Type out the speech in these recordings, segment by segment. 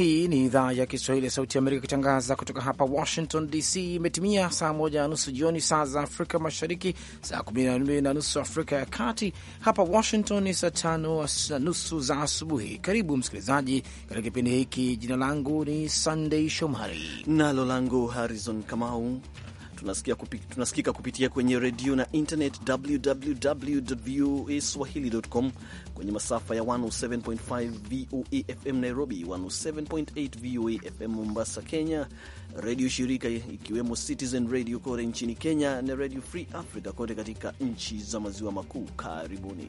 Hii ni idhaa ya Kiswahili ya Sauti ya Amerika ikitangaza kutoka hapa Washington DC. Imetimia saa moja na nusu jioni saa za Afrika Mashariki, saa kumi na mbili na nusu Afrika ya Kati. Hapa Washington ni saa tano na nusu za asubuhi. Karibu msikilizaji katika kipindi hiki. Jina langu ni sandei Shomari nalo langu harizon Kamau tunasikia kupi, tunasikika kupitia kwenye redio na internet www voa swahili.com, kwenye masafa ya 107.5 VOA FM Nairobi, 107.8 VOA FM Mombasa, Kenya, redio shirika ikiwemo Citizen Radio kote nchini Kenya na Radio Free Africa kote katika nchi za maziwa makuu. Karibuni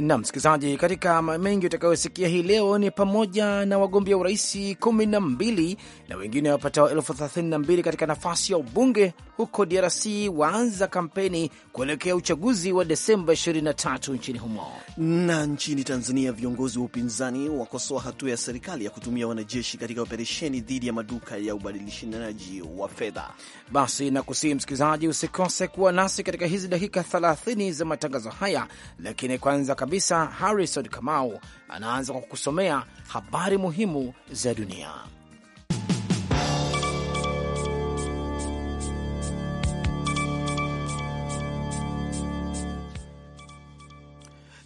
na msikilizaji, katika mengi utakayosikia hii leo ni pamoja na wagombea urais kumi na mbili na wengine wapatao elfu thelathini na mbili katika nafasi ya ubunge huko DRC waanza kampeni kuelekea uchaguzi wa Desemba 23 nchini humo. Na nchini Tanzania, viongozi wa upinzani wakosoa hatua ya serikali ya kutumia wanajeshi katika operesheni dhidi ya maduka ya ubadilishanaji wa fedha. Basi na kusihi msikilizaji, usikose kuwa nasi katika hizi dakika 30 za matangazo haya, lakini kwanza kabisa, Harrison Kamau anaanza kwa kusomea habari muhimu za dunia.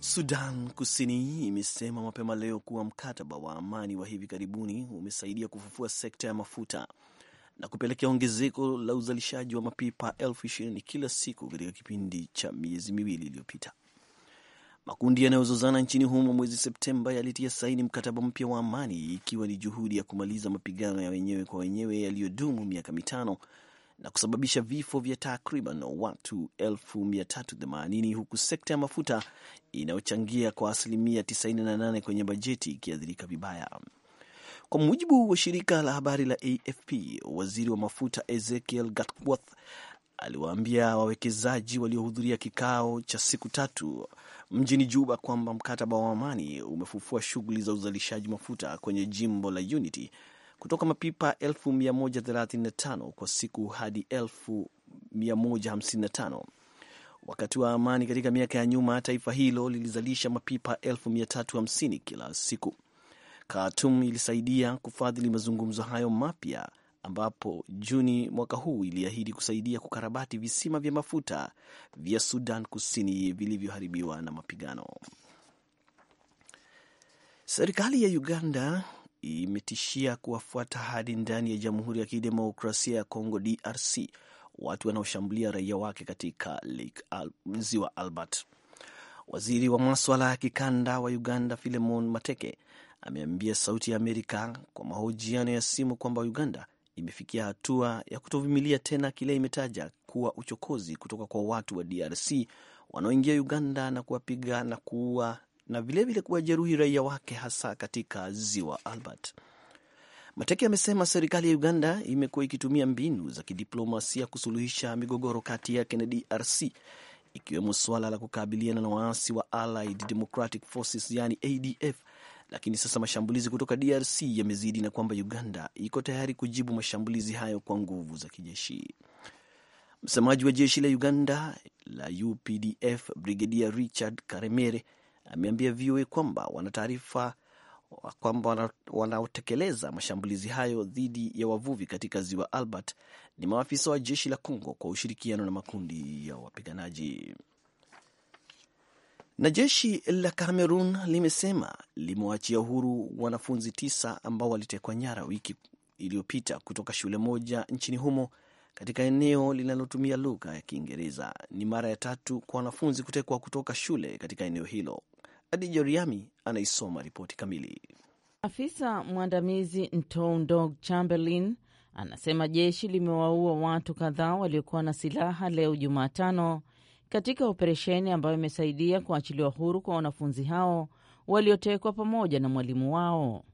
Sudan Kusini imesema mapema leo kuwa mkataba wa amani wa hivi karibuni umesaidia kufufua sekta ya mafuta na kupelekea ongezeko la uzalishaji wa mapipa elfu ishirini kila siku katika kipindi cha miezi miwili iliyopita. Makundi yanayozozana nchini humo mwezi Septemba yalitia saini mkataba mpya wa amani, ikiwa ni juhudi ya kumaliza mapigano ya wenyewe kwa wenyewe yaliyodumu miaka mitano na kusababisha vifo vya takriban watu 380 huku sekta ya mafuta inayochangia kwa asilimia 98 kwenye bajeti ikiathirika vibaya. Kwa mujibu wa shirika la habari la AFP, waziri wa mafuta Ezekiel Gatworth aliwaambia wawekezaji waliohudhuria kikao cha siku tatu mjini Juba kwamba mkataba wa amani umefufua shughuli za uzalishaji mafuta kwenye jimbo la Unity kutoka mapipa 135 kwa siku hadi 155. Wakati wa amani katika miaka ya nyuma, taifa hilo lilizalisha mapipa 350 kila siku. Khartoum ilisaidia kufadhili mazungumzo hayo mapya ambapo Juni mwaka huu iliahidi kusaidia kukarabati visima vya mafuta vya Sudan Kusini vilivyoharibiwa na mapigano. Serikali ya Uganda imetishia kuwafuata hadi ndani ya Jamhuri ya Kidemokrasia ya Kongo, DRC, watu wanaoshambulia raia wake katika Lake Al Ziwa Albert. Waziri wa maswala ya kikanda wa Uganda Filemon Mateke ameambia Sauti ya Amerika kwa mahojiano ya simu kwamba Uganda imefikia hatua ya kutovumilia tena kile imetaja kuwa uchokozi kutoka kwa watu wa DRC wanaoingia Uganda na kuwapiga na kuua na vilevile kuwajeruhi raia wake hasa katika ziwa Albert. Mateke amesema serikali ya Uganda imekuwa ikitumia mbinu za kidiplomasia kusuluhisha migogoro kati yake na DRC ikiwemo suala la kukabiliana na waasi wa Allied Democratic Forces yani ADF lakini sasa mashambulizi kutoka DRC yamezidi na kwamba Uganda iko tayari kujibu mashambulizi hayo kwa nguvu za kijeshi. Msemaji wa jeshi la Uganda la UPDF Brigedia Richard Karemere ameambia VOA kwamba wana taarifa kwamba wanaotekeleza mashambulizi hayo dhidi ya wavuvi katika ziwa Albert ni maafisa wa jeshi la Congo kwa ushirikiano na makundi ya wapiganaji. Na jeshi la Cameroon limesema limewachia uhuru wanafunzi tisa ambao walitekwa nyara wiki iliyopita kutoka shule moja nchini humo katika eneo linalotumia lugha ya Kiingereza. Ni mara ya tatu kwa wanafunzi kutekwa kutoka shule katika eneo hilo. Adija Riami anaisoma ripoti kamili. Afisa mwandamizi Ntondog Chamberlain anasema jeshi limewaua watu kadhaa waliokuwa na silaha leo Jumatano katika operesheni ambayo imesaidia kuachiliwa huru kwa wanafunzi hao waliotekwa pamoja na mwalimu wao.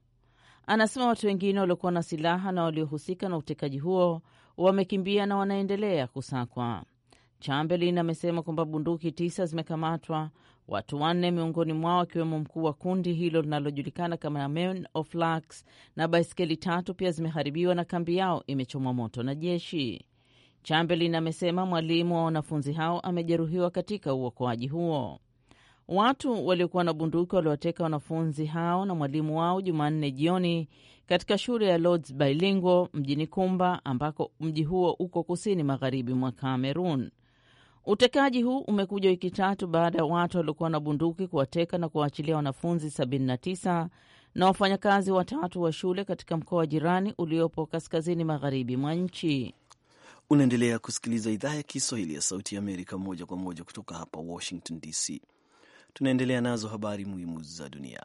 Anasema watu wengine waliokuwa na silaha na waliohusika na utekaji huo wamekimbia na wanaendelea kusakwa. Chamberlain amesema kwamba bunduki tisa zimekamatwa, watu wanne miongoni mwao akiwemo mkuu wa kundi hilo linalojulikana kama Men of na baiskeli tatu pia zimeharibiwa na kambi yao imechomwa moto na jeshi. Chamberlain amesema mwalimu wa wanafunzi hao amejeruhiwa katika uokoaji huo. Watu waliokuwa na bunduki waliwateka wanafunzi hao na mwalimu wao Jumanne jioni katika shule ya Lords Bilingual mjini Kumba, ambako mji huo uko kusini magharibi mwa Kamerun. Utekaji huu umekuja wiki tatu baada ya watu waliokuwa na bunduki kuwateka na kuwaachilia wanafunzi 79 na wafanyakazi watatu wa shule katika mkoa wa jirani uliopo kaskazini magharibi mwa nchi. Unaendelea kusikiliza idhaa ya Kiswahili ya Sauti ya Amerika moja kwa moja kutoka hapa Washington DC. Tunaendelea nazo habari muhimu za dunia.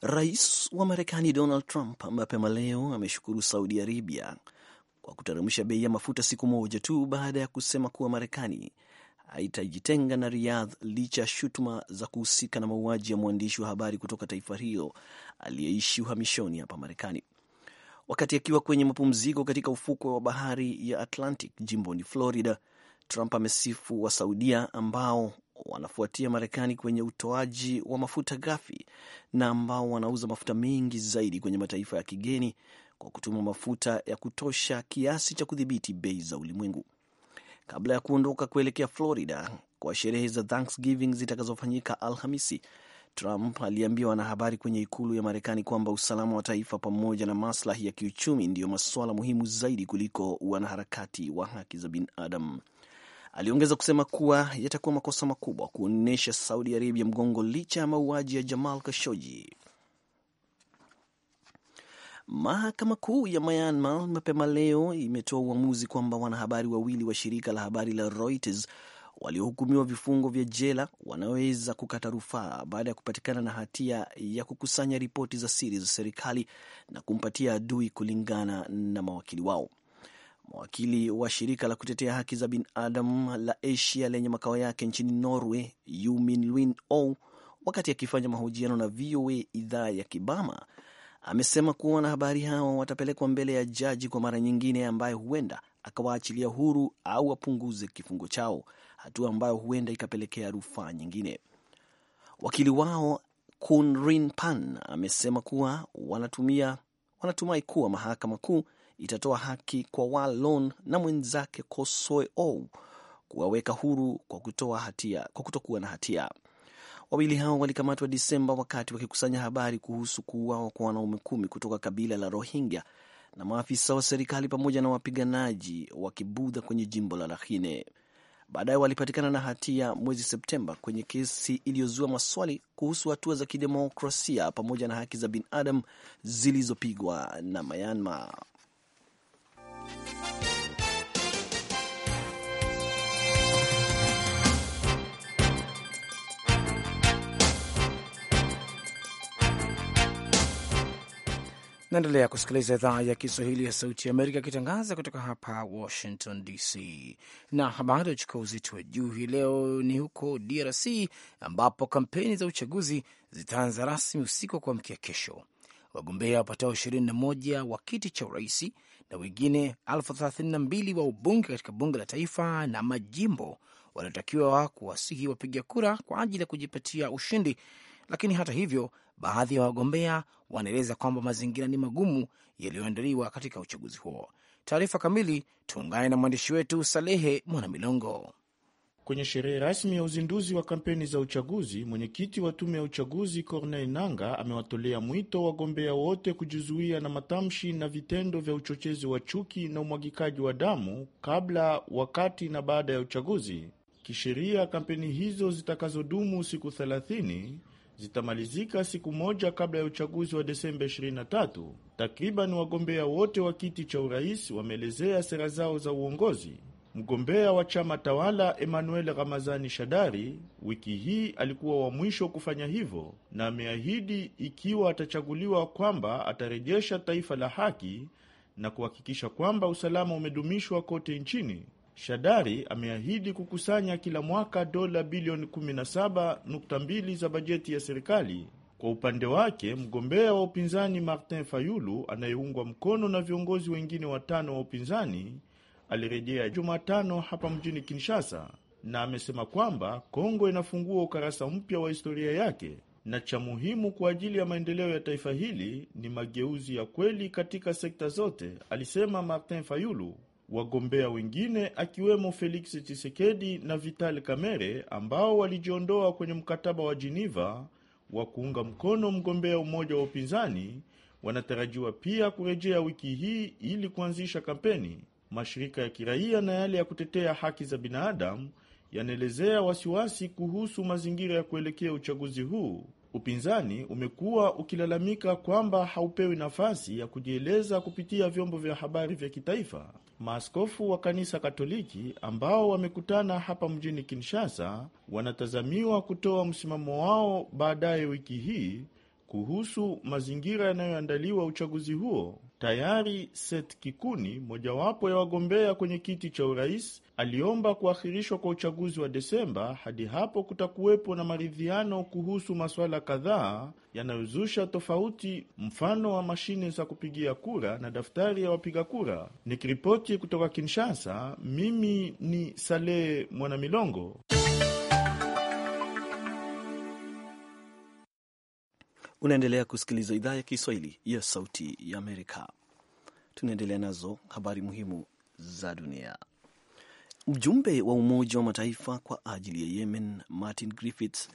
Rais wa Marekani Donald Trump mapema leo ameshukuru Saudi Arabia kwa kuteremsha bei ya mafuta siku moja tu baada ya kusema kuwa Marekani haitajitenga na Riyadh licha ya shutuma za kuhusika na mauaji ya mwandishi wa habari kutoka taifa hilo aliyeishi uhamishoni hapa Marekani. Wakati akiwa kwenye mapumziko katika ufukwe wa bahari ya Atlantic jimboni Florida, Trump amesifu wa Saudia ambao wanafuatia Marekani kwenye utoaji wa mafuta ghafi na ambao wanauza mafuta mengi zaidi kwenye mataifa ya kigeni kwa kutuma mafuta ya kutosha kiasi cha kudhibiti bei za ulimwengu. Kabla ya kuondoka kuelekea Florida kwa sherehe za Thanksgiving zitakazofanyika Alhamisi, Trump aliambia wanahabari kwenye ikulu ya Marekani kwamba usalama wa taifa pamoja na maslahi ya kiuchumi ndiyo masuala muhimu zaidi kuliko wanaharakati wa haki za binadamu. Aliongeza kusema kuwa yatakuwa makosa makubwa kuonyesha Saudi Arabia mgongo licha ya mauaji ya Jamal Khashoggi. Mahakama Kuu ya Myanmar mapema leo imetoa uamuzi kwamba wanahabari wawili wa shirika la habari la Reuters waliohukumiwa vifungo vya jela wanaweza kukata rufaa baada ya kupatikana na hatia ya kukusanya ripoti za siri za serikali na kumpatia adui, kulingana na mawakili wao. Mawakili wa shirika la kutetea haki za binadamu la Asia lenye makao yake nchini Norway, Yumin Lwin O, wakati akifanya mahojiano na VOA idhaa ya Kibama, amesema kuwa wanahabari hao watapelekwa mbele ya jaji kwa mara nyingine, ambaye huenda akawaachilia huru au apunguze kifungo chao hatua ambayo huenda ikapelekea rufaa nyingine. Wakili wao Kunrin Pan amesema kuwa wanatumia, wanatumai kuwa mahakama kuu itatoa haki kwa Walon na mwenzake Kosoi Ou kuwaweka huru kwa kutoa hatia, kwa kutokuwa na hatia. Wawili hao walikamatwa Disemba wakati wakikusanya habari kuhusu kuuawa kwa wanaume kumi kutoka kabila la Rohingya na maafisa wa serikali pamoja na wapiganaji wa Kibudha kwenye jimbo la Rakhine. Baadaye walipatikana na hatia mwezi Septemba kwenye kesi iliyozua maswali kuhusu hatua za kidemokrasia pamoja na haki za binadamu zilizopigwa na Myanmar. Naendelea kusikiliza idhaa ya Kiswahili ya Sauti ya Amerika ikitangaza kutoka hapa Washington DC. Na habari uchukua uzito wa juu hii leo ni huko DRC ambapo kampeni za uchaguzi zitaanza rasmi usiku wa kuamkia kesho. Wagombea wapatao 21 wa kiti cha urais na wengine elfu 32 wa ubunge katika bunge la taifa na majimbo wanatakiwa kuwasihi wapiga kura kwa ajili ya kujipatia ushindi, lakini hata hivyo Baadhi ya wagombea wanaeleza kwamba mazingira ni magumu yaliyoandaliwa katika uchaguzi huo. Taarifa kamili, tuungane na mwandishi wetu Salehe Mwanamilongo. Kwenye sherehe rasmi ya uzinduzi wa kampeni za uchaguzi, mwenyekiti wa tume ya uchaguzi Corneille Nanga amewatolea mwito wagombea wote kujizuia na matamshi na vitendo vya uchochezi wa chuki na umwagikaji wa damu kabla, wakati na baada ya uchaguzi. Kisheria, kampeni hizo zitakazodumu siku 30 zitamalizika siku moja kabla ya uchaguzi wa Desemba 23. Takriban wagombea wote wa kiti cha urais wameelezea sera zao za uongozi. Mgombea wa chama tawala Emmanuel Ramazani Shadari wiki hii alikuwa wa mwisho kufanya hivyo, na ameahidi ikiwa atachaguliwa kwamba atarejesha taifa la haki na kuhakikisha kwamba usalama umedumishwa kote nchini. Shadari ameahidi kukusanya kila mwaka dola bilioni 17.2 za bajeti ya serikali. Kwa upande wake, mgombea wa upinzani Martin Fayulu anayeungwa mkono na viongozi wengine watano wa upinzani alirejea Jumatano hapa mjini Kinshasa na amesema kwamba Kongo inafungua ukarasa mpya wa historia yake na cha muhimu kwa ajili ya maendeleo ya taifa hili ni mageuzi ya kweli katika sekta zote, alisema Martin Fayulu wagombea wengine akiwemo Felix Tshisekedi na Vital Kamerhe ambao walijiondoa kwenye mkataba wa Geneva wa kuunga mkono mgombea umoja wa upinzani wanatarajiwa pia kurejea wiki hii ili kuanzisha kampeni. Mashirika ya kiraia na yale ya kutetea haki za binadamu yanaelezea wasiwasi kuhusu mazingira ya kuelekea uchaguzi huu Upinzani umekuwa ukilalamika kwamba haupewi nafasi ya kujieleza kupitia vyombo vya habari vya kitaifa. Maaskofu wa kanisa Katoliki ambao wamekutana hapa mjini Kinshasa wanatazamiwa kutoa msimamo wao baadaye wiki hii kuhusu mazingira yanayoandaliwa uchaguzi huo. Tayari Seth Kikuni, mojawapo ya wagombea kwenye kiti cha urais, aliomba kuahirishwa kwa uchaguzi wa Desemba hadi hapo kutakuwepo na maridhiano kuhusu masuala kadhaa yanayozusha tofauti, mfano wa mashine za kupigia kura na daftari ya wapiga kura. Nikiripoti kutoka Kinshasa, mimi ni Saleh Mwanamilongo. Unaendelea kusikiliza idhaa ya Kiswahili ya Sauti ya Amerika. Tunaendelea nazo habari muhimu za dunia. Mjumbe wa Umoja wa Mataifa kwa ajili ya Yemen Martin Griffiths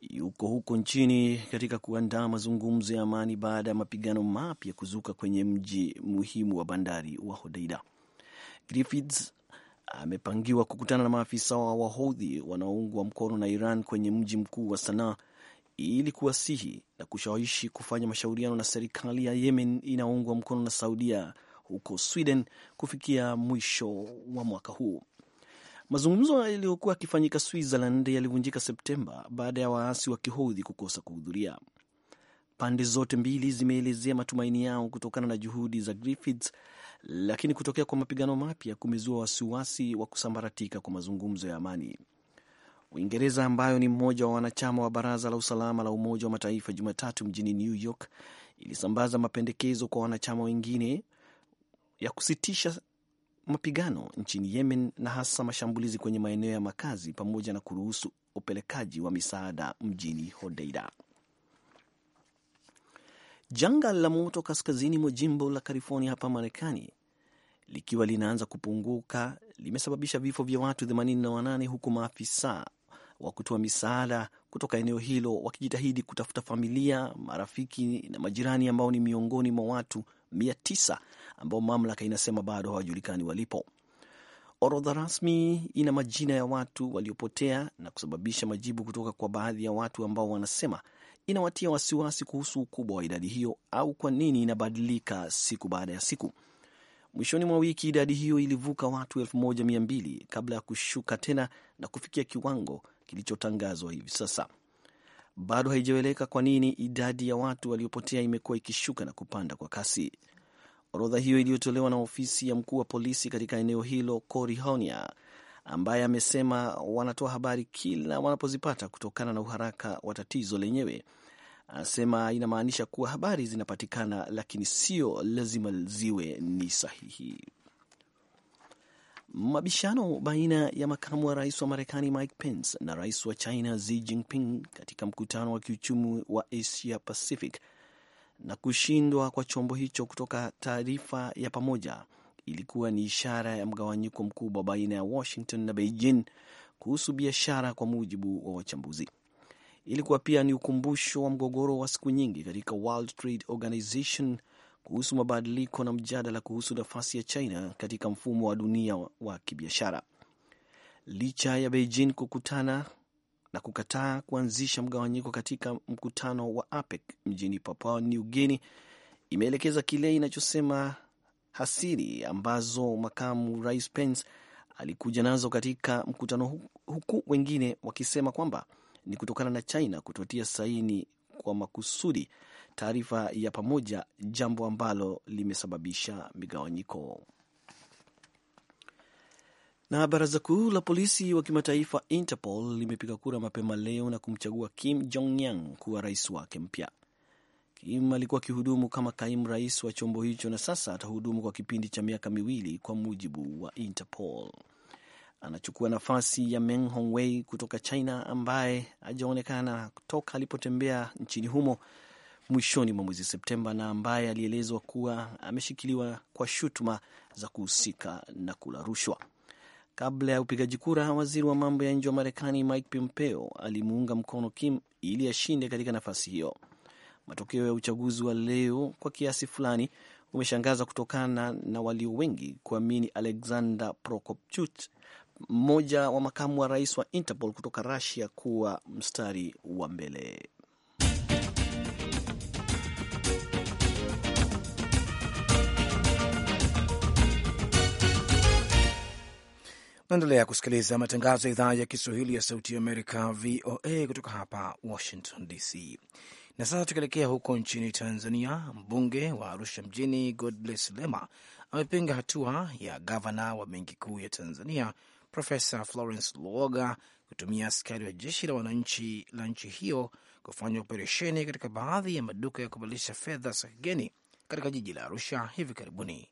yuko huko nchini katika kuandaa mazungumzo ya amani baada ya mapigano mapya kuzuka kwenye mji muhimu wa bandari wa Hodeida. Griffiths amepangiwa kukutana na maafisa wa Wahodhi wanaoungwa mkono na Iran kwenye mji mkuu wa Sanaa ili kuwasihi na kushawishi kufanya mashauriano na serikali ya Yemen inayoungwa mkono na Saudia huko Sweden kufikia mwisho wa mwaka huu. Mazungumzo yaliyokuwa yakifanyika Switzerland yalivunjika Septemba baada ya waasi wa kihodhi kukosa kuhudhuria. Pande zote mbili zimeelezea matumaini yao kutokana na juhudi za Griffiths, lakini kutokea kwa mapigano mapya kumezua wasiwasi wa kusambaratika kwa mazungumzo ya amani. Uingereza ambayo ni mmoja wa wanachama wa Baraza la Usalama la Umoja wa Mataifa Jumatatu mjini New York ilisambaza mapendekezo kwa wanachama wengine ya kusitisha mapigano nchini Yemen na hasa mashambulizi kwenye maeneo ya makazi pamoja na kuruhusu upelekaji wa misaada mjini Hodeida. Janga la moto kaskazini mwa jimbo la California hapa Marekani likiwa linaanza kupunguka limesababisha vifo vya watu 88 huku maafisa wa kutoa misaada kutoka eneo hilo wakijitahidi kutafuta familia, marafiki na majirani ambao ni miongoni mwa watu tisa ambao mamlaka inasema bado hawajulikani walipo. Orodha rasmi ina majina ya watu waliopotea na kusababisha majibu kutoka kwa baadhi ya watu ambao wanasema inawatia wasiwasi kuhusu ukubwa wa idadi hiyo au kwa nini inabadilika siku baada ya siku. Mwishoni mwa wiki idadi hiyo ilivuka watu 1200 kabla ya kushuka tena na kufikia kiwango kilichotangazwa hivi sasa. Bado haijaeleweka kwa nini idadi ya watu waliopotea imekuwa ikishuka na kupanda kwa kasi. Orodha hiyo iliyotolewa na ofisi ya mkuu wa polisi katika eneo hilo Cory Honia, ambaye amesema wanatoa habari kila wanapozipata kutokana na uharaka wa tatizo lenyewe. Anasema inamaanisha kuwa habari zinapatikana, lakini sio lazima ziwe ni sahihi. Mabishano baina ya makamu wa rais wa Marekani Mike Pence na rais wa China Xi Jinping katika mkutano wa kiuchumi wa Asia Pacific na kushindwa kwa chombo hicho kutoka taarifa ya pamoja ilikuwa ni ishara ya mgawanyiko mkubwa baina ya Washington na Beijing kuhusu biashara, kwa mujibu wa wachambuzi. Ilikuwa pia ni ukumbusho wa mgogoro wa siku nyingi katika World Trade Organization kuhusu mabadiliko na mjadala kuhusu nafasi ya China katika mfumo wa dunia wa kibiashara. Licha ya Beijing kukutana na kukataa kuanzisha mgawanyiko katika mkutano wa APEC mjini Papua New Guinea, imeelekeza kile inachosema hasiri ambazo makamu rais Pence alikuja nazo katika mkutano, huku wengine wakisema kwamba ni kutokana na China kutotia saini kwa makusudi taarifa ya pamoja, jambo ambalo limesababisha migawanyiko. Na baraza kuu la polisi wa kimataifa Interpol limepiga kura mapema leo na kumchagua Kim Jong Yang kuwa rais wake mpya. Kim alikuwa akihudumu kama kaimu rais wa chombo hicho na sasa atahudumu kwa kipindi cha miaka miwili kwa mujibu wa Interpol. Anachukua nafasi ya Meng Hongwei kutoka China ambaye hajaonekana toka alipotembea nchini humo mwishoni mwa mwezi Septemba na ambaye alielezwa kuwa ameshikiliwa kwa shutuma za kuhusika na kula rushwa. Kabla ya upigaji kura, waziri wa mambo ya nje wa Marekani Mike Pompeo alimuunga mkono Kim ili ashinde katika nafasi hiyo. Matokeo ya uchaguzi wa leo kwa kiasi fulani umeshangaza kutokana na walio wengi kuamini Alexander Prokopchut, mmoja wa makamu wa rais wa Interpol kutoka Russia, kuwa mstari wa mbele. Naendelea kusikiliza matangazo ya idhaa ya Kiswahili ya Sauti ya Amerika, VOA, kutoka hapa Washington DC. Na sasa tukielekea huko nchini Tanzania, mbunge wa Arusha Mjini Godbless Lema amepinga hatua ya gavana wa Benki Kuu ya Tanzania Profesa Florence Luoga kutumia askari wa jeshi la wananchi la nchi hiyo kufanya operesheni katika baadhi ya maduka ya kubadilisha fedha za kigeni katika jiji la Arusha hivi karibuni.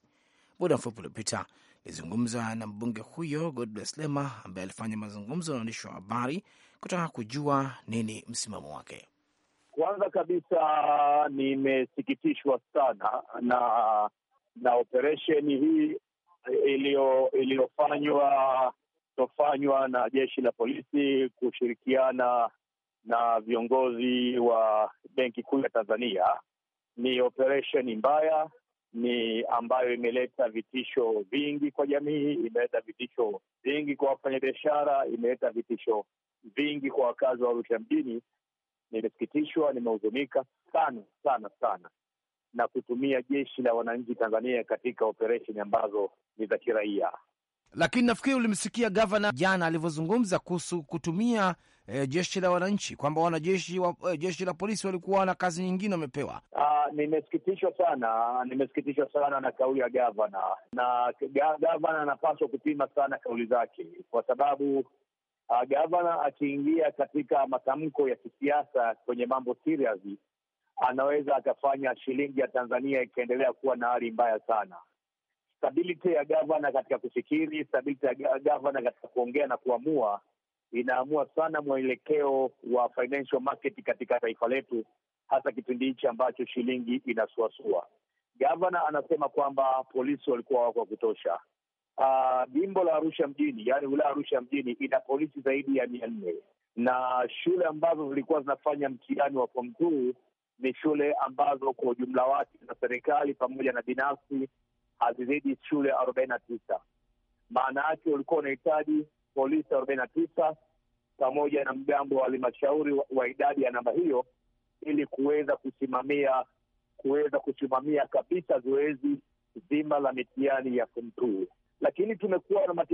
Muda mfupi uliopita Nilizungumza na mbunge huyo Godbless Lema ambaye alifanya mazungumzo na waandishi wa habari kutaka kujua nini msimamo wake. Kwanza kabisa nimesikitishwa sana na na operesheni hii iliyo iliyofanywa tofanywa na jeshi la polisi kushirikiana na viongozi wa Benki Kuu ya Tanzania. Ni operesheni mbaya, ni ambayo imeleta vitisho vingi kwa jamii, imeleta vitisho vingi kwa wafanyabiashara, imeleta vitisho vingi kwa wakazi wa Arusha mjini. Nimesikitishwa, nimehuzunika sana sana sana na kutumia jeshi la wananchi Tanzania katika operesheni ambazo ni za kiraia. Lakini nafikiri ulimsikia gavana jana alivyozungumza kuhusu kutumia e, jeshi la wananchi kwamba wanajeshi wa, e, jeshi la polisi walikuwa na kazi nyingine wamepewa. Ah, nimesikitishwa sana, nimesikitishwa sana na kauli ya gavana, na gavana anapaswa kupima sana kauli zake, kwa sababu uh, gavana akiingia katika matamko ya kisiasa kwenye mambo serious anaweza akafanya shilingi ya Tanzania ikaendelea kuwa na hali mbaya sana. Stability ya gavana katika kufikiri, stability ya gavana katika kuongea na kuamua inaamua sana mwelekeo wa financial market katika taifa letu, hasa kipindi hichi ambacho shilingi inasuasua. Gavana anasema kwamba polisi walikuwa wako wa kutosha. Uh, jimbo la Arusha mjini, yaani wilaya Arusha mjini ina polisi zaidi ya mia nne na shule ambazo zilikuwa zinafanya mtihani wa form two ni shule ambazo kwa ujumla wake za serikali pamoja na binafsi hazizidi shule arobaini na tisa. Maana yake ulikuwa unahitaji polisi arobaini na tisa pamoja na mgambo wa halimashauri wa, idadi ya namba hiyo ili kuweza kusimamia kuweza kusimamia kabisa zoezi zima la mitihani ya kumtuu Lakini tumekuwa na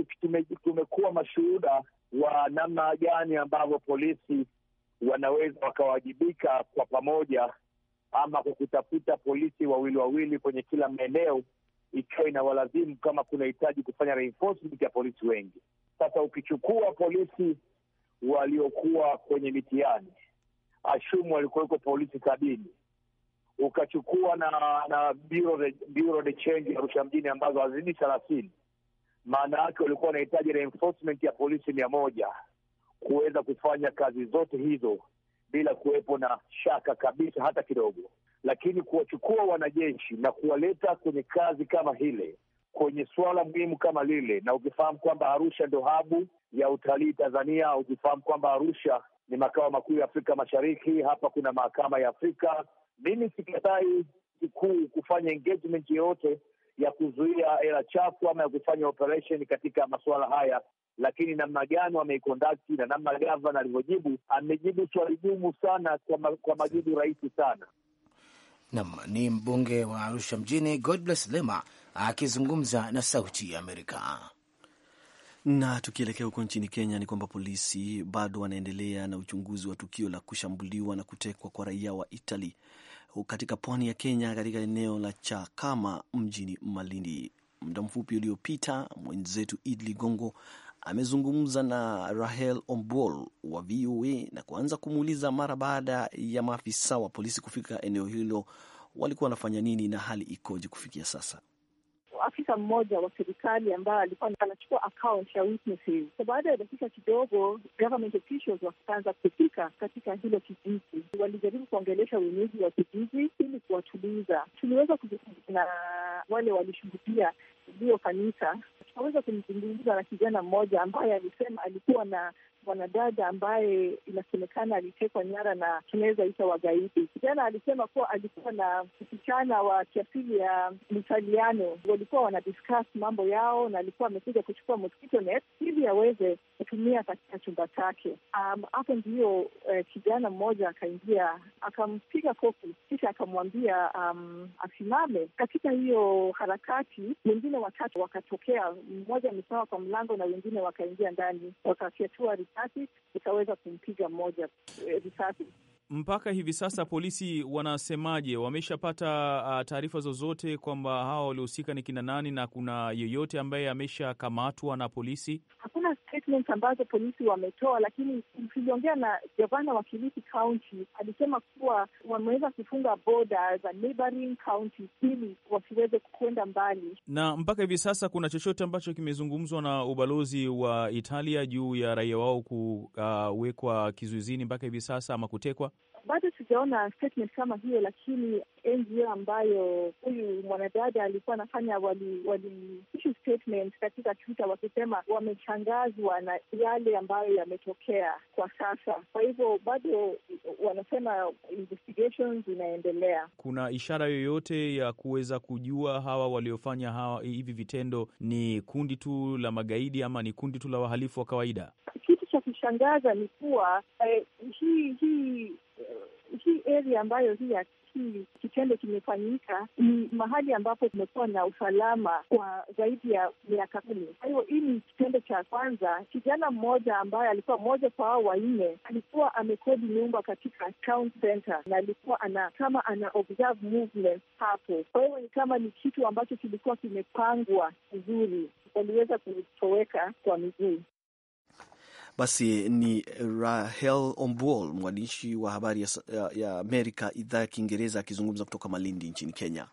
tumekuwa mashuhuda wa namna gani ambavyo polisi wanaweza wakawajibika kwa pamoja, ama kwa kutafuta polisi wawili wawili kwenye kila maeneo, ikiwa inawalazimu kama kunahitaji kufanya reinforcement ya polisi wengi. Sasa ukichukua polisi waliokuwa kwenye mitihani, ashumu walikuweko polisi sabini, ukachukua na na bureau de change Arusha mjini ambazo hazidi thelathini, maana yake walikuwa wanahitaji reinforcement ya polisi mia moja kuweza kufanya kazi zote hizo bila kuwepo na shaka kabisa hata kidogo. Lakini kuwachukua wanajeshi na kuwaleta kwenye kazi kama hile kwenye suala muhimu kama lile, na ukifahamu kwamba Arusha ndo habu ya utalii Tanzania, ukifahamu kwamba Arusha ni makao makuu ya Afrika Mashariki, hapa kuna mahakama ya Afrika. Mimi sikatai kikuu kufanya engagement yoyote ya kuzuia hela chafu ama ya kufanya operation katika masuala haya, lakini namna gani wameikondakti na namna gavana alivyojibu, amejibu swali gumu sana kwa, ma, kwa majibu rahisi sana. Nam ni mbunge wa Arusha Mjini, Godbless Lema akizungumza na Sauti ya Amerika. Na tukielekea huko nchini Kenya ni kwamba polisi bado wanaendelea na uchunguzi wa tukio la kushambuliwa na kutekwa kwa raia wa Itali katika pwani ya Kenya, katika eneo la Chakama mjini Malindi. Muda mfupi uliopita mwenzetu id Ligongo amezungumza na Rahel Ombol wa VOA na kuanza kumuuliza mara baada ya maafisa wa polisi kufika eneo hilo walikuwa wanafanya nini na hali ikoje kufikia sasa afisa mmoja wa serikali ambaye alikuwa anachukua account ya witnesses. So baada ya dakika kidogo, government officials wakaanza kufika katika hilo kijiji, walijaribu kuongelesha wenyeji wa kijiji ili kuwatuliza. Tuliweza kuzungumza na wale walishuhudia iliyofanyika, tukaweza kumzungumza na kijana mmoja ambaye alisema alikuwa na mwanadada ambaye inasemekana alitekwa nyara na tunaweza ita wagaidi. Kijana alisema kuwa alikuwa na msichana wa kiasili ya Mitaliano, walikuwa wanadiscuss mambo yao, na alikuwa amekuja kuchukua mosquito net ili aweze kutumia katika chumba chake. Um, hapo um, ndiyo eh, kijana mmoja akaingia akampiga kofi, kisha akamwambia um, asimame. Katika hiyo harakati, wengine watatu wakatokea, mmoja amesimama kwa mlango na wengine wakaingia ndani wakafyatua risasi ikaweza kumpiga mmoja eh, risasi mpaka hivi sasa polisi wanasemaje? Wameshapata ah, taarifa zozote kwamba hawa waliohusika ni kina nani, na kuna yeyote ambaye ameshakamatwa na polisi? Hakuna statement ambazo polisi wametoa, lakini tuliongea na gavana wa Kilifi County alisema kuwa wameweza kufunga boda za neighboring county ili wasiweze kwenda mbali. Na mpaka hivi sasa kuna chochote ambacho kimezungumzwa na ubalozi wa Italia juu ya raia wao kuwekwa ah, kizuizini mpaka hivi sasa ama kutekwa? bado sijaona statement kama hiyo, lakini NGO ambayo huyu mwanadada alikuwa anafanya wali, wali issue statement katika Twitter wakisema wameshangazwa na yale ambayo yametokea kwa sasa. Kwa hivyo bado wanasema investigations inaendelea. Kuna ishara yoyote ya kuweza kujua hawa waliofanya hawa hivi vitendo ni kundi tu la magaidi ama ni kundi tu la wahalifu wa kawaida? Kitu cha kushangaza ni kuwa eh, hii hii Eh, hii area ambayo hii hii kitendo kimefanyika ni mahali ambapo kumekuwa na usalama kwa zaidi ya miaka kumi. Kwa hiyo hii ni kitendo cha kwanza. Kijana mmoja ambaye alikuwa mmoja kwa hao wanne alikuwa amekodi nyumba katika town center na alikuwa ana kama ana observe movement hapo. Kwa hiyo ni kama ni kitu ambacho kilikuwa kimepangwa vizuri, waliweza kutoweka kwa miguu. Basi ni Rahel Ombuol, mwandishi wa habari ya, ya Amerika idhaa ya Kiingereza, akizungumza kutoka Malindi nchini Kenya.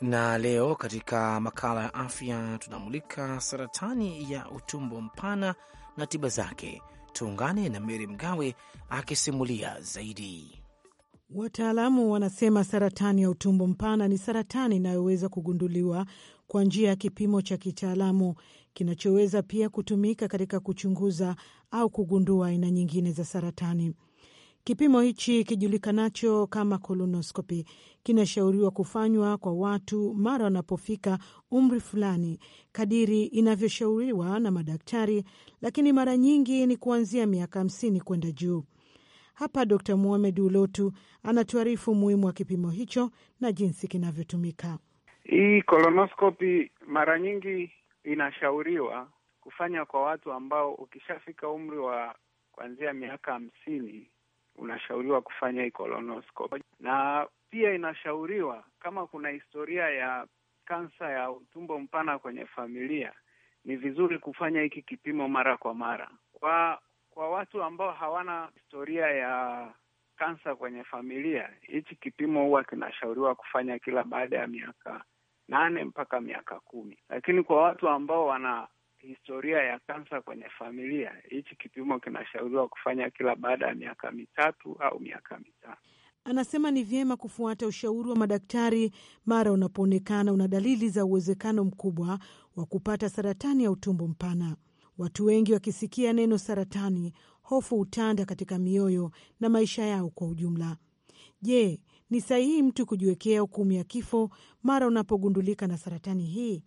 Na leo katika makala ya afya tunamulika saratani ya utumbo mpana na tiba zake. Tuungane na mery Mgawe akisimulia zaidi. Wataalamu wanasema saratani ya utumbo mpana ni saratani inayoweza kugunduliwa kwa njia ya kipimo cha kitaalamu kinachoweza pia kutumika katika kuchunguza au kugundua aina nyingine za saratani. Kipimo hichi kijulikanacho kama colonoscopy kinashauriwa kufanywa kwa watu mara wanapofika umri fulani kadiri inavyoshauriwa na madaktari, lakini mara nyingi ni kuanzia miaka hamsini kwenda juu. Hapa d muhamed Ulotu anatuarifu umuhimu wa kipimo hicho na jinsi kinavyotumika. Hii kolonoskopi mara nyingi inashauriwa kufanya kwa watu ambao ukishafika umri wa kuanzia miaka hamsini unashauriwa kufanya hii kolonoskopi, na pia inashauriwa kama kuna historia ya kansa ya utumbo mpana kwenye familia, ni vizuri kufanya hiki kipimo mara kwa mara. Kwa kwa watu ambao hawana historia ya kansa kwenye familia, hichi kipimo huwa kinashauriwa kufanya kila baada ya miaka nane mpaka miaka kumi, lakini kwa watu ambao wana historia ya kansa kwenye familia, hichi kipimo kinashauriwa kufanya kila baada ya miaka mitatu au miaka mitano. Anasema ni vyema kufuata ushauri wa madaktari mara unapoonekana una dalili za uwezekano mkubwa wa kupata saratani ya utumbo mpana. Watu wengi wakisikia neno saratani, hofu hutanda katika mioyo na maisha yao kwa ujumla. Je, ni sahihi mtu kujiwekea hukumu ya kifo mara unapogundulika na saratani hii?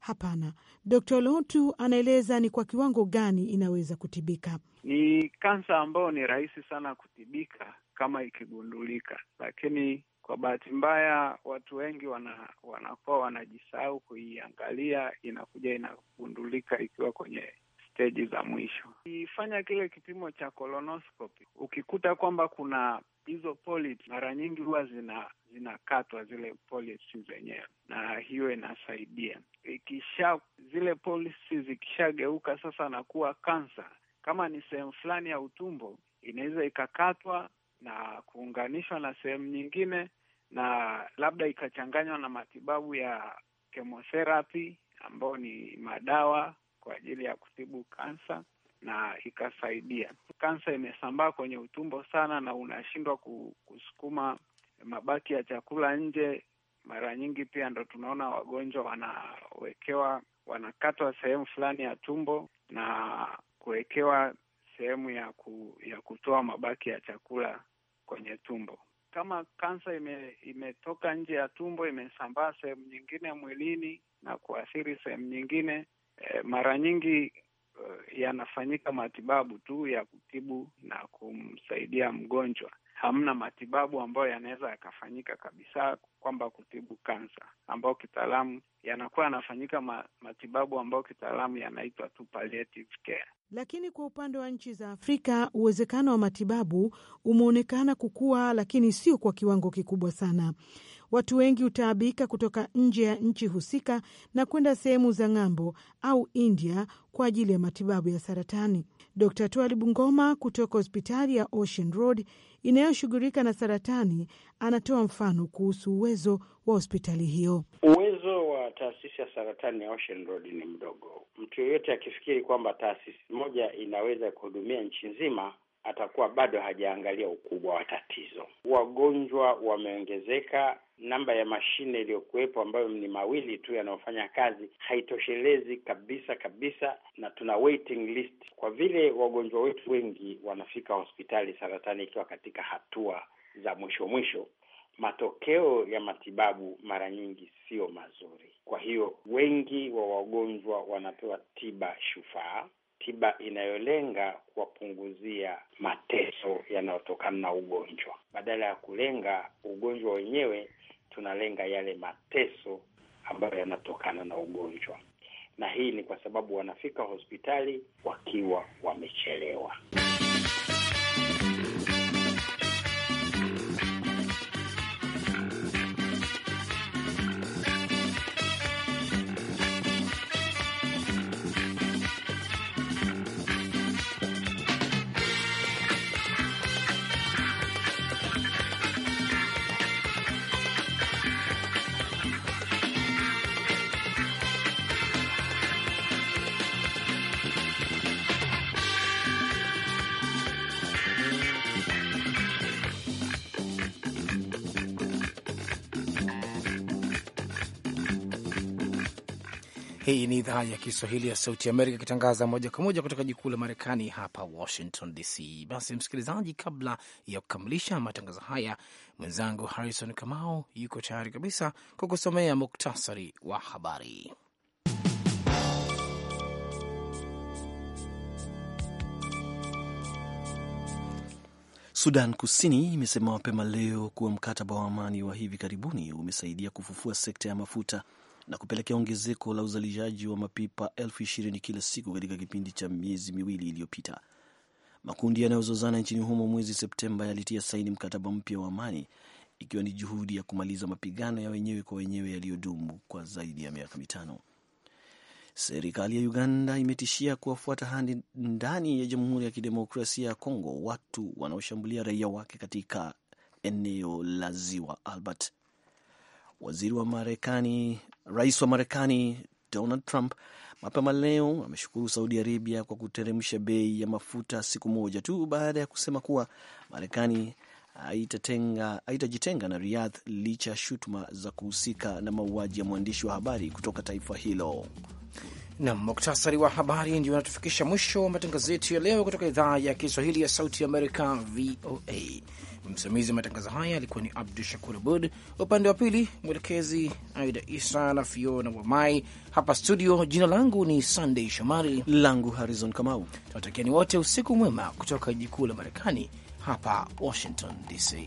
Hapana. d Lotu anaeleza ni kwa kiwango gani inaweza kutibika. Ni kansa ambayo ni rahisi sana kutibika kama ikigundulika, lakini kwa bahati mbaya watu wengi wana, wanakuwa wanajisahau kuiangalia, inakuja inagundulika ikiwa kwenye steji za mwisho. Ukifanya kile kipimo cha colonoscopy, ukikuta kwamba kuna hizo polyps, mara nyingi huwa zina zinakatwa zile polyps zenyewe, na hiyo inasaidia. Ikisha zile polyps zikishageuka sasa na kuwa kansa, kama ni sehemu fulani ya utumbo, inaweza ikakatwa na kuunganishwa na sehemu nyingine na labda ikachanganywa na matibabu ya chemotherapy ambayo ni madawa kwa ajili ya kutibu kansa na ikasaidia. Kansa imesambaa kwenye utumbo sana, na unashindwa kusukuma mabaki ya chakula nje. Mara nyingi pia ndo tunaona wagonjwa wanawekewa, wanakatwa sehemu fulani ya tumbo na kuwekewa sehemu ya ku, ya kutoa mabaki ya chakula kwenye tumbo. Kama kansa ime, imetoka nje ya tumbo, imesambaa sehemu nyingine mwilini na kuathiri sehemu nyingine e, mara nyingi eh, yanafanyika matibabu tu ya kutibu na kumsaidia mgonjwa. Hamna matibabu ambayo yanaweza yakafanyika kabisa kwamba kutibu kansa, ambayo kitaalamu yanakuwa yanafanyika ma, matibabu ambayo kitaalamu yanaitwa tu palliative care. Lakini kwa upande wa nchi za Afrika uwezekano wa matibabu umeonekana kukua, lakini sio kwa kiwango kikubwa sana. Watu wengi hutaabika kutoka nje ya nchi husika na kwenda sehemu za ng'ambo au India kwa ajili ya matibabu ya saratani. Dr Twalib Ngoma kutoka hospitali ya Ocean Road inayoshughulika na saratani anatoa mfano kuhusu uwezo wa hospitali hiyo. Uwezo wa taasisi ya saratani ya Ocean Road ni mdogo. Mtu yoyote akifikiri kwamba taasisi moja inaweza kuhudumia nchi nzima atakuwa bado hajaangalia ukubwa wa tatizo. Wagonjwa wameongezeka, namba ya mashine iliyokuwepo ambayo ni mawili tu yanayofanya kazi haitoshelezi kabisa kabisa, na tuna waiting list kwa vile wagonjwa wetu wengi wanafika hospitali saratani ikiwa katika hatua za mwisho mwisho. Matokeo ya matibabu mara nyingi sio mazuri, kwa hiyo wengi wa wagonjwa wanapewa tiba shufaa tiba inayolenga kuwapunguzia mateso yanayotokana na ugonjwa. Badala ya kulenga ugonjwa wenyewe, tunalenga yale mateso ambayo yanatokana na ugonjwa, na hii ni kwa sababu wanafika hospitali wakiwa wamechelewa. Hii ni idhaa ya Kiswahili ya Sauti Amerika ikitangaza moja kwa moja kutoka jikuu la Marekani hapa Washington DC. Basi msikilizaji, kabla ya kukamilisha matangazo haya, mwenzangu Harrison Kamau yuko tayari kabisa kwa kusomea muktasari wa habari. Sudan Kusini imesema mapema leo kuwa mkataba wa amani wa hivi karibuni umesaidia kufufua sekta ya mafuta na kupelekea ongezeko la uzalishaji wa mapipa elfu ishirini kila siku katika kipindi cha miezi miwili iliyopita. Makundi yanayozozana nchini humo mwezi Septemba yalitia saini mkataba mpya wa amani, ikiwa ni juhudi ya kumaliza mapigano ya wenyewe kwa wenyewe yaliyodumu kwa zaidi ya miaka mitano. Serikali ya Uganda imetishia kuwafuata hadi ndani ya Jamhuri ya Kidemokrasia ya Kongo watu wanaoshambulia raia wake katika eneo la Ziwa Albert. Waziri wa Marekani Rais wa Marekani Donald Trump mapema leo ameshukuru Saudi Arabia kwa kuteremsha bei ya mafuta siku moja tu baada ya kusema kuwa Marekani haitajitenga na Riyadh licha ya shutuma za kuhusika na mauaji ya mwandishi wa habari kutoka taifa hilo. nam muktasari wa habari ndio unatufikisha mwisho wa matangazo yetu ya leo kutoka idhaa ya Kiswahili ya Sauti ya Amerika, VOA. Msimamizi wa matangazo haya alikuwa ni Abdu Shakur Abud, upande wa pili mwelekezi Aida Isa na Fiona Wamai hapa studio. Jina langu ni sandey Shomari, langu Harizon Kamau. ni wote usiku mwema kutoka jikuu la Marekani hapa Washington DC.